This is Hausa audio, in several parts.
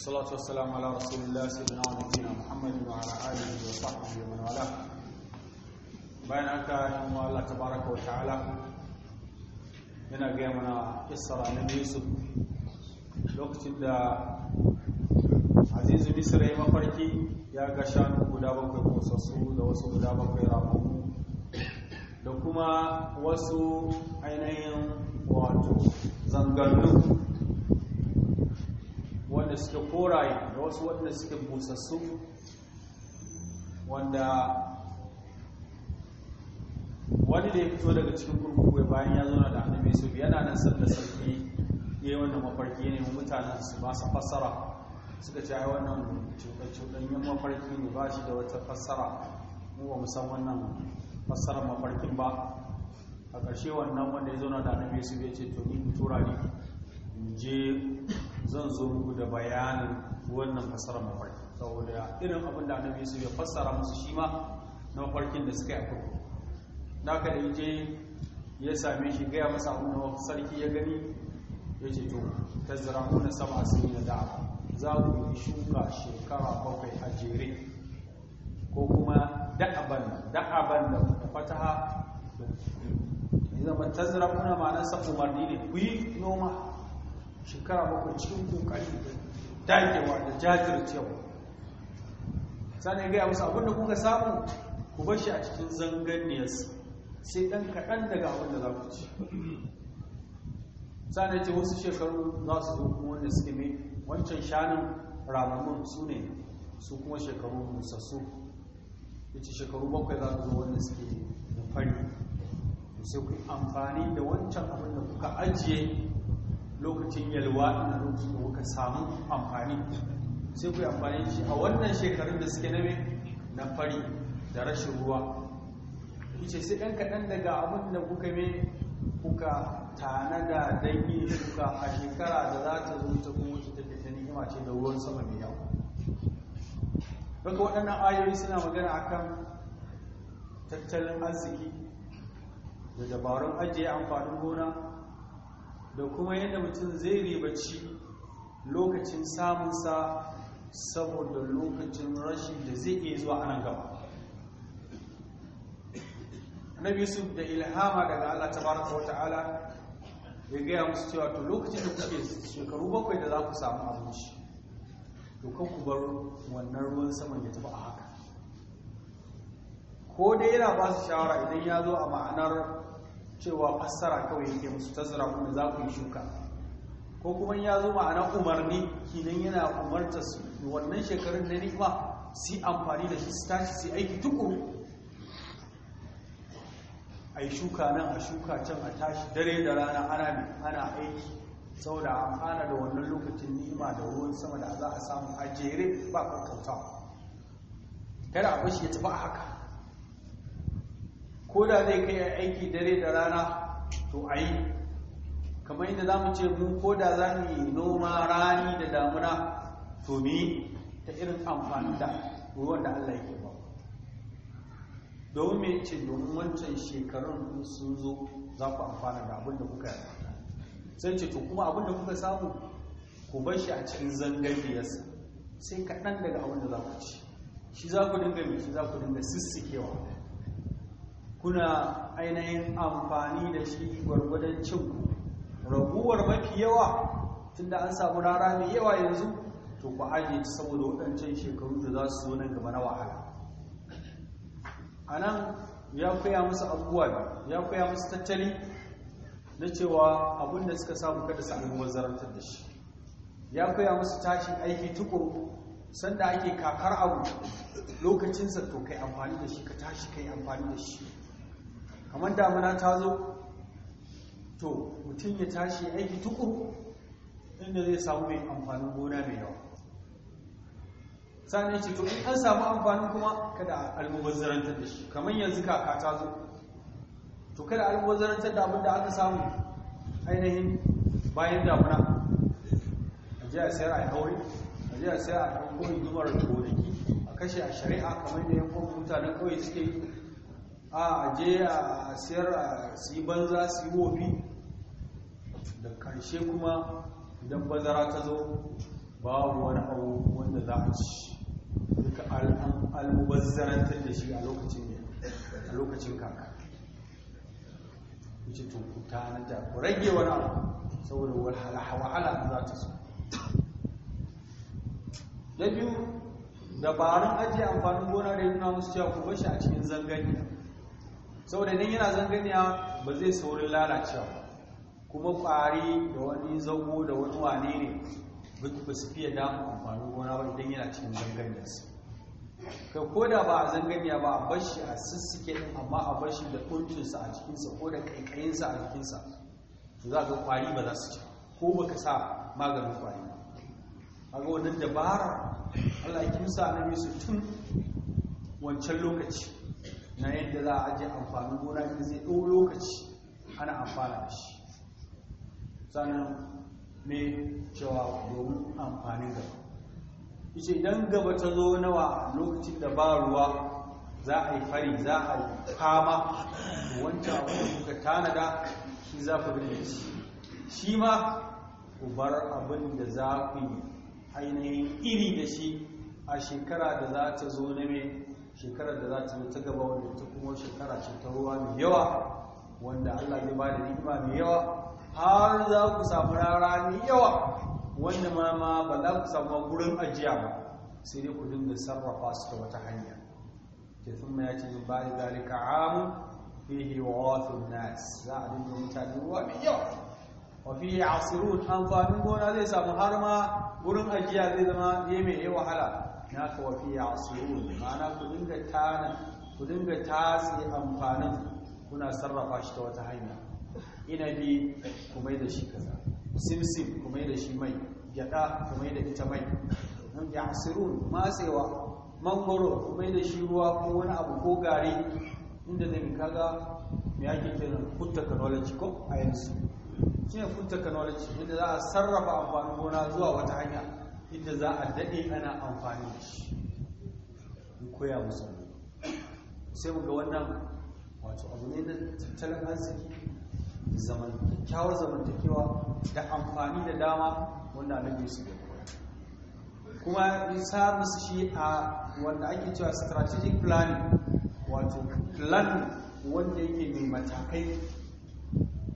salatu wassalamu ala rasulillah sayyidina wa nabiyina Muhammadu wa ala alihi wa sahbihi wa man wala bayan haka yi wa Allah tabaraka wa ta'ala yana gaya mana isra na Yusuf lokacin da azizu misra ya mafarki ya ga shanu guda bakwai kosassu da wasu guda bakwai ramammu da kuma wasu ainihin wato zangannu waɗanda suke koraye da wasu waɗanda suke busassu wanda wani da ya fito daga cikin kurkuku bayan ya zauna da annabi su yana nan sanda sarki ya yi wannan mafarki ne mutanen su ba su fassara suka ce ai wannan yin mafarki ne ba shi da wata fassara mu ba san wannan fassarar mafarkin ba a ƙarshe wannan wanda ya zauna da annabi su ya ce to ni tura ne je zan zo muku da bayanin wannan fasarar mafarki saboda irin abin da annabi su ya fassara musu shi ma na mafarkin da suka yi kurku Na ka da je ya same shi gaya masa abin da sarki ya gani ya ce to tazzara kuna sama sun yi na da za ku yi shuka shekara bakwai a jere ko kuma da'aban da'aban da fataha zama tazzara kuna ma'anarsa umarni ne ku yi noma shekara bakwai cikin kokari da dagewa da jajircewa sannan gaya musu abinda kuka samu ku bar shi a cikin zanganiyarsa sai ɗan kaɗan daga abinda za ku ci sannan ce wasu shekaru za su zo kuma wanda suke mai wancan shanun ramamun su ne su kuma shekaru musassu yace shekaru bakwai za su zo wanda suke da fari sai ku amfani da wancan abin da kuka ajiye lokacin yalwa ina lokacin da kuka samu amfani sai ku amfani shi a wannan shekarun da suke na na fari da rashin ruwa ce sai ɗan kaɗan daga abin da kuka me kuka tanada don yin shuka a shekara da za ta zo ta kuma ta ce da ruwan sama mai yawa daga waɗannan ayoyi suna magana akan tattalin arziki da dabarun ajiye amfanin gona da kuma yadda mutum zai ribaci lokacin samunsa saboda lokacin rashin da zai iya zuwa a nan gaba annabi yusuf da ilhama daga allah tabaraka ta'ala ya gaya musu cewa to lokacin da kuke shekaru bakwai da za ku samu abinci to kan ku bar wannan ruwan saman ya tafi a haka ko dai yana ba su shawara idan ya zo a ma'anar cewa fassara kawai yake musu tazara kuma za ku yi shuka ko kuma ya zo ma'ana umarni kinan yana umarta su wannan shekarun na ni'ima su amfani da shi su tashi aiki tuku a yi shuka nan a shuka can a tashi dare da rana ana ana aiki saboda amfana da wannan lokacin ni'ima da ruwan sama da za a samu a jere ba kakkautawa kada a bashi ya tafi a haka ko da zai kai aiki dare da rana to a yi kamar yadda za mu ce mu ko da za mu yi noma rani da damuna to mi ta irin amfani da ruwan da Allah yake ba domin mai ce domin wancan shekarun sun zo za ku amfana da abin da kuka yi sai ce to kuma abin da kuka samu ku bar shi a cikin zangariyarsa sai kaɗan daga abin da za ku ci shi za ku dinga mai shi za ku dinga sissikewa kuna ainihin amfani da shi gwargwadon cin raguwar mafi yawa tunda an samu rara mai yawa yanzu to ku aje saboda waɗancan shekaru da za su zo nan gaba na wahala a nan ya koya musu abubuwa ya koya musu tattali na cewa abin da suka samu kada su almubazzarantar da shi ya koya musu tashin aiki tukuru sanda ake kakar abu lokacinsa to kai amfani da shi ka tashi kai amfani da shi kamar damuna ta zo to mutum ya tashi aiki tukuru inda zai samu mai amfanin gona mai yawa sani ce to in an samu amfanin kuma kada almubazzarantar da shi kamar yanzu kaka ta zo to kada almubazzarantar da abin da aka samu ainihin bayan damuna a sai a sayar a jiya a a sayar a zubar gumar gonaki a kashe a shari'a kamar da yankon mutanen kawai suke yi a je a siyar a si banza su yi wofi da karshe kuma idan bazara ta zo babu wani abu wanda za a ci duka al'ubazzarantar da shi a lokacin a lokacin kaka wuce tunkuta na jafi ku rage wani abu saboda wahala za ta so na biyu dabarun ajiye amfanin gona da yi nuna musu cewa kuma shi a cikin zangani. saboda idan yana zanganiya ba zai saurin lalacewa kuma kwari da wani zango da wani wane ne ba su fiye da amfani gona ba idan yana cikin su ka koda ba a zanganiya ba a bashi a sissike din amma a bashi da kuncinsa a jikinsa ko da kaikayinsa a jikinsa to za ga kwari ba za su ci ko ba ka sa maganin kwari a ga wannan dabara Allah ya kimsa annabi su tun wancan lokaci na yadda za a ajiye amfanin gona inda sai ɗau lokaci ana amfana da shi sannan me cewa domin amfanin gaba ishe idan gaba ta zo nawa lokacin da ba ruwa za a yi fari za a yi kama wancan abu da kuka tanada shi za ku da shi shi ma ku bar abin da za ku yi ainihin iri da shi a shekara da za ta zo na mai shekarar da za ta zo ta gaba wanda ta kuma shekara ce ta ruwa mai yawa wanda Allah ya ba da ni'ima mai yawa har za ku samu rara mai yawa wanda ma ma ba za ku samu gurin ajiya ba sai dai ku dinga sarrafa su ta wata hanya ke sun ma ya ce min da zalika amu fihi wa wafin nas za a dinga mutane ruwa mai yawa wa fihi asirun amfanin gona zai samu har ma gurin ajiya zai zama ne mai yawa wahala na kawafi ya asirun mana ku dinga tana ku dinga amfanin kuna sarrafa shi ta wata hanya inabi ku mai da shi kaza simsim ku mai da shi mai gyada ku mai da ita mai nan ya asirun matsewa mangoro ku mai da shi ruwa ko wani abu ko gari inda zai kaga me ake kiran food technology ko a yanzu ne food technology inda za a sarrafa amfanin gona zuwa wata hanya inda za a daɗe ana amfani da shi in koya musu sai mu ga wannan wato abu ne na tattalin arziki zaman kyakkyawar zamantakewa da amfani da dama wanda annabi su da kuma isa musu shi a wanda ake cewa strategic planning wato plan wanda yake mai matakai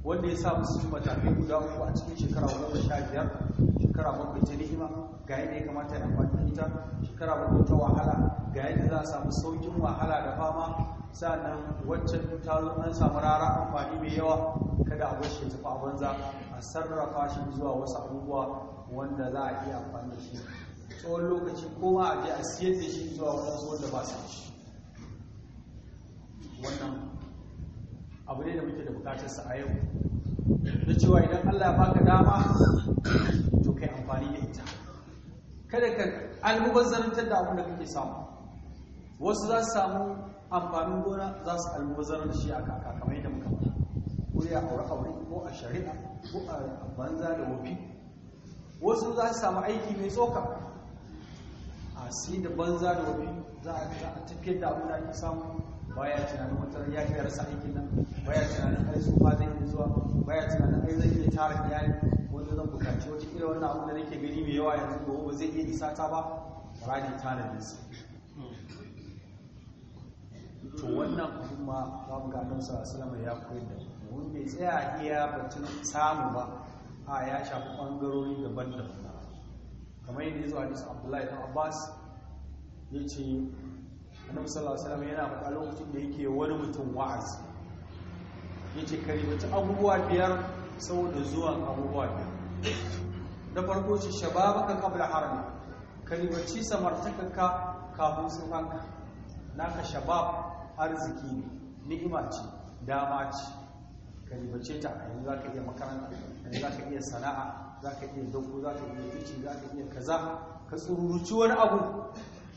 wanda ya sa musu matakai guda uku a cikin shekara goma sha biyar shekara bakwai ta ni'ima ga yadda ya kamata ya amfani da ita shekara bakwai ta wahala ga yadda za a samu saukin wahala da fama sa'annan wacce ta zo an samu rara amfani mai yawa kada a bashi tafi a banza a sarrafa shi zuwa wasu abubuwa wanda za a iya amfani da shi tsawon lokaci kowa a je a siyar da shi zuwa wasu wanda ba su shi wannan abu ne da muke da bukatarsa a yau da cewa idan Allah ya baka dama to kai amfani da ita kada ka almubazzarantar da abin da kake samu wasu za su samu amfanin gona za su almubazzarar da shi a kaka kamar yadda muka faɗa ko ya aure aure ko a shari'a ko a banza da wofi wasu za su samu aiki mai tsoka a sai da banza da wofi za a tafiyar da abin da ake samu baya tunanin wata ya kai rasa aikin nan baya tunanin ai su ba zai yi zuwa baya tunanin ai zai iya tara iyali da zan bukaci wata irin wannan abin da nake gani mai yawa yanzu ko ba zai iya isa ta ba rani tanadin su to wannan abu ma ba mu ga annabi sallallahu ya koyi da mun bai tsaya iya batun samu ba a ya shafi bangarori daban-daban kamar yadda ya zo hadisi Abdullahi dan Abbas ce. annabi sallallahu alaihi wasallam yana faɗa lokacin da yake wani mutum wa'azi yace mutum abubuwa biyar saboda zuwan abubuwa biyar da farko ce shababaka qabla harami mutum samartakanka kafin tsufanka naka shabab arziki ne ni'ima ce dama ce mutum ta yanzu za ka iya makaranta yanzu za ka iya sana'a za ka iya dauko za ka iya kici za ka iya kaza ka tsururuci wani abu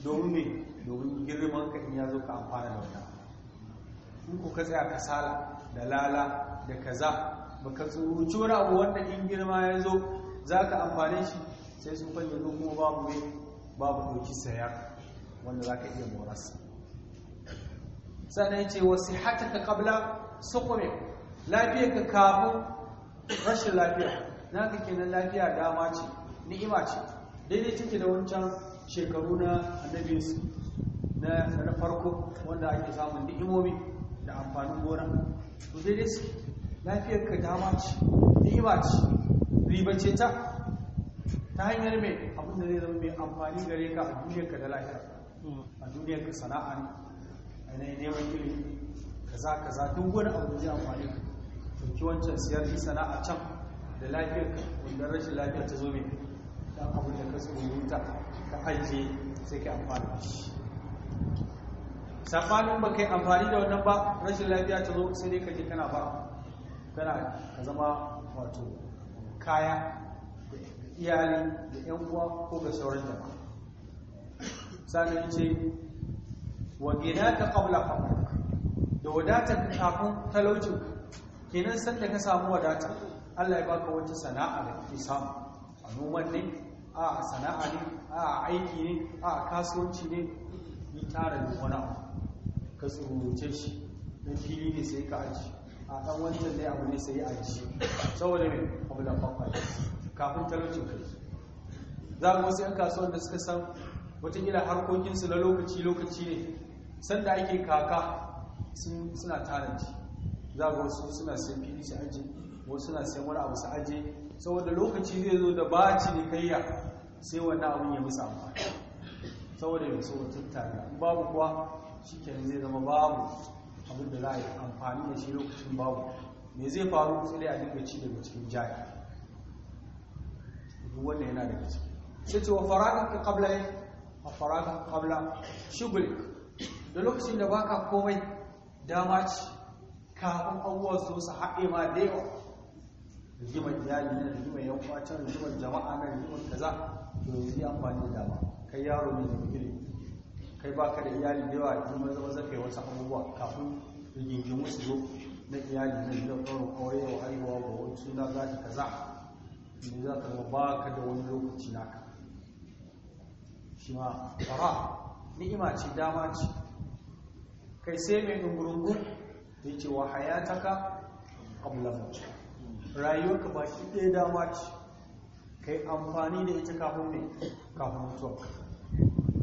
domin me domin girman ka in ya zo ka amfana da wata in ku ka tsaya kasala da lala da kaza baka tsoroci wani abu wanda in girma ya zo za ka amfane shi sai sun fanya zo kuma babu ne babu doki saya wanda za ka iya morasa sannan ce wasu ka kabla sukumin lafiyar ka kafin rashin lafiya na ka kenan lafiya dama ce ni'ima ce daidai take da wancan shekaru na annabinsu na farko wanda ake samun ni'imomi da amfanin gona to dai dai lafiyar ka dama ce ni'ima ce ribace ta ta hanyar mai abin da zai zama mai amfani gare ka a duniyar ka da lafiya a duniyar ka sana'a ne a yanayi neman ilimi kaza kaza duk wani abu da zai amfani ka ɗauki wancan siyar da sana'a can da lafiyar ka wanda rashin lafiyar ta zo mai dan abin da ka tsoro ta ta ajiye sai ka amfani shi sabanin ba kai amfani da wannan ba rashin lafiya ta zo sai dai kaje kana ba kana ka zama wato kaya ga iyali da yan uwa ko ga sauran jama'a sannan ce wa ginaka qabla da wadatar kafin talaucin kenan san da ka samu wadata Allah ya baka wata sana'a da kake samu a noman ne a sana'a ne a aiki ne a kasuwanci ne ni tara da wani abu ka tsuruce shi na fili ne sai ka aji a ɗan wancan dai abu ne sai aji saboda mai abu da fakwai kafin talaucin kai za mu wasu 'yan kasuwan da suka san watakila harkokinsu na lokaci-lokaci ne sanda ake kaka suna taranci za ga wasu suna sayan fili su aji wasu suna sayan wani abu su aji saboda lokaci zai zo da ba cinikayya sai wannan abin ya musamman saboda yanzu wata tattalin babu kuwa shikenan zai zama babu abin da za a yi amfani da shi lokacin babu me zai faru sai dai a dinga ci daga cikin jari duk wannan yana daga ciki sai ce wa faraga ka kabla ne a ka kabla shugul da lokacin da baka komai dama ce kafin abubuwan zo su haɗe ma da yawa rigimar iyali na rigimar yan kwacin rigimar jama'a na rigimar kaza to yanzu ya amfani da dama kai yaro ne da ilimi kai ba ka da iyali da yawa da maza maza kai wasu abubuwa kafin rigingimu su zo na iyali na gidan ɗaurin aure wa haihuwa ba wani suna za ta kaza ne za ka ba ka da wani lokaci naka shi ma fara ni'ima ce dama ce kai sai mai dungurungun da yake wa hayataka qabla maut rayuwarka ba shi ɗaya dama ce kai amfani da ita kafin ne kafin mutuwa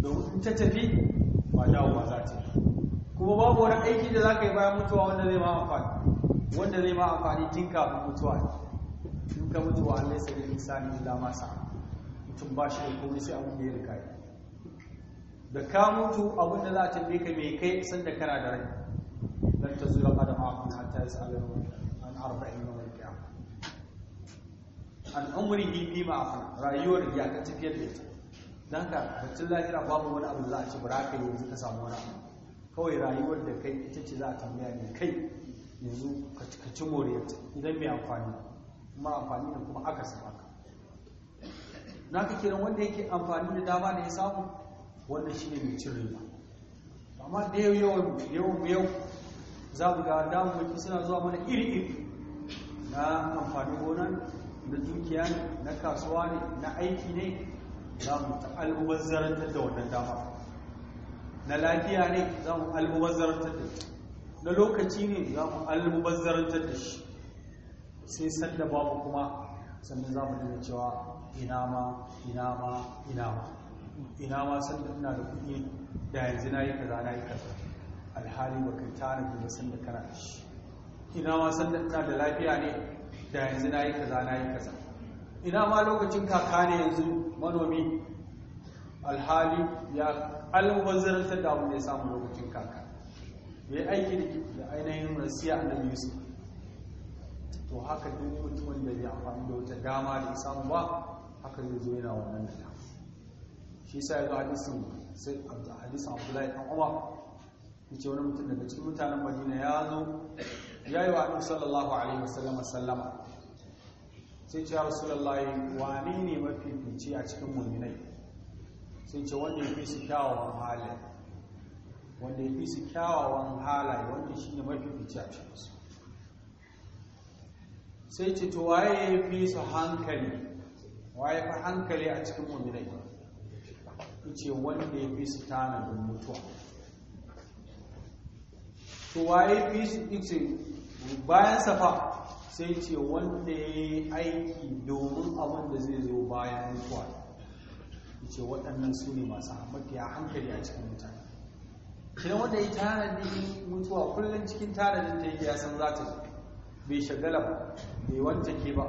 domin ta tafi ba wa za ta kuma babu wani aiki da za ka yi bayan mutuwa wanda zai ma amfani wanda zai ma amfani tun kafin mutuwa Tun ka mutuwa allai sai da misali dama sa. mutum ba shi da komai sai abin da ya rika yi da ka mutu abin da za a tambaye ka mai kai san da kana da rai lan ta zuwa kada ma kun ta yi sa'ala an arba'in yawm al an umrihi bima rayuwar ya ka tafiyar da ita don ka batun lahira babu wani abu za a ci bara ka yanzu ka samu wani abu kawai rayuwar da kai ita ce za a tambaya ne kai yanzu ka ci moriyar idan mai amfani kuma amfani da kuma aka saba ka na ka kiran wanda yake amfani da dama da ya samu wannan shi ne mai cin riba amma da yau yawan yawan yau za mu ga damu suna zuwa mana iri-iri na amfani gona na dukiya na kasuwa ne na aiki ne za mu ta zarantar da wannan dama na lafiya ne za mu zarantar da shi na lokaci ne za mu zarantar da shi sai sanda babu kuma sannan za mu dina cewa ina ma ina ma ina ma ina ma sanda ina da kuɗi da yanzu na yi kaza na yi kaza alhali ba kai tana da sanda kana da shi ina ma sanda ina da lafiya ne da yanzu na yi kaza na yi kaza ina ma lokacin kaka ne yanzu manomi alhali ya alwazirantar da abin da ya samu lokacin kaka ya aiki da ainihin rasiya annabi yusuf to haka duk mutumin da ya amfani da wata dama da ya samu ba haka zai zo yana wannan da shi sa ya ga hadisin sai hadisin abdullahi kuma. umar ce wani mutum daga cikin mutanen madina ya zo ya yi wa sallallahu alaihi wasallam sallama sai ce ya rasulullahi wane ne mafifici a cikin mulminai sai ce wanda ya fi su kyawawan hali, wanda ya fi su kyawawan halaye wanda shi ne mafifici a cikin su sai ce to waye ya fi su hankali waye fi hankali a cikin mulminai ce wanda ya fi su tanadin mutuwa to waye fi su ce bayan safa sai ce wanda ya yi aiki domin abin da zai zo bayan mutuwa ce waɗannan su ne masu ya hankali a cikin mutane kiran wanda ya tanadi mutuwa kullum cikin tanadin da yi ya san za ta bai shagala ba bai wanta ke ba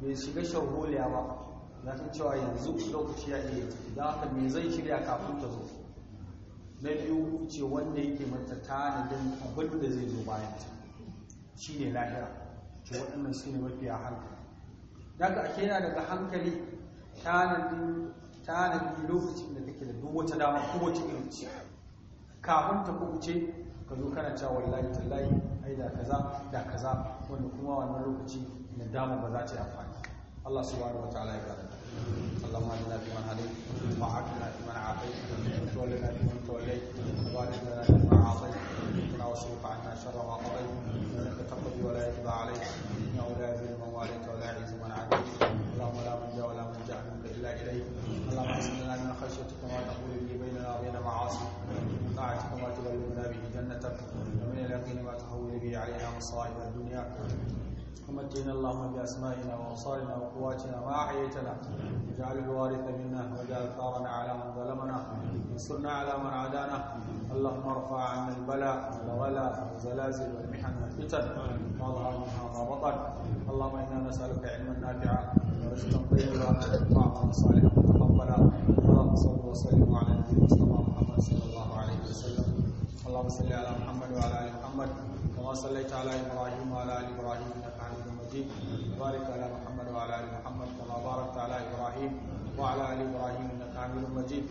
bai shiga shagoliya ba za ta cewa yanzu lokaci ya iya da haka mai zai shirya kafin ta zo na biyu ce wanda yake mata tanadin abin da zai zo bayan ta ne lahira to waɗannan su ne mafiya hankali ka ake yana daga hankali tanadi lokacin da kake da duk wata dama kowace irin ce kafin ta kubuce ka zo kana cewa wallahi tallahi ai da kaza da kaza wanda kuma wannan lokaci na dama ba za ta yi amfani Allah subhanahu wa ta'ala اللهم اهدنا فيمن هديت وعافنا فيمن عافيت وتولنا فيمن توليت وبارك لنا فيما اعطيت وقنا واصرف عنا شر ما قضيت تقضي ولا يقضى عليك انه لا يذل من واليت ولا يعز من عاديت اللهم لا من جاء ولا من جاء منك الا اليك اللهم احسن لنا من خشيتك ما تقول به بيننا وبين معاصيك من طاعتك ما تبلغنا به جنتك ومن اليقين ما تهون به علينا مصائب الدنيا ومتنا اللهم بأسمائنا وأبصارنا وقواتنا ما أحييتنا واجعل الوارث منا واجعل ثارنا على من ظلمنا وانصرنا على من عادانا اللهم ارفع عنا البلاء والولاء والزلازل والمحن والفتن ما ظهر منها ما بطن اللهم انا نسألك علما نافعا ورزقا طيبا وطعما صالحا متقبلا اللهم صل وسلم على نبينا مصطفى محمد صلى الله عليه وسلم اللهم صل على محمد وعلى ال محمد كما صليت على ابراهيم وعلى ال ابراهيم انك المجيد بارك على محمد وعلى ال محمد كما باركت على ابراهيم وعلى ال ابراهيم انك حميد مجيد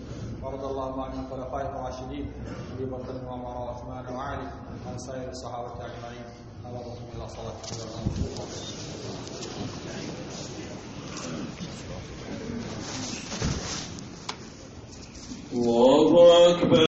وارض اللهم عن الخلفاء الراشدين ابي بكر وعمر وعثمان وعلي عن سائر الصحابه اجمعين اللهم الى صلاه الله اكبر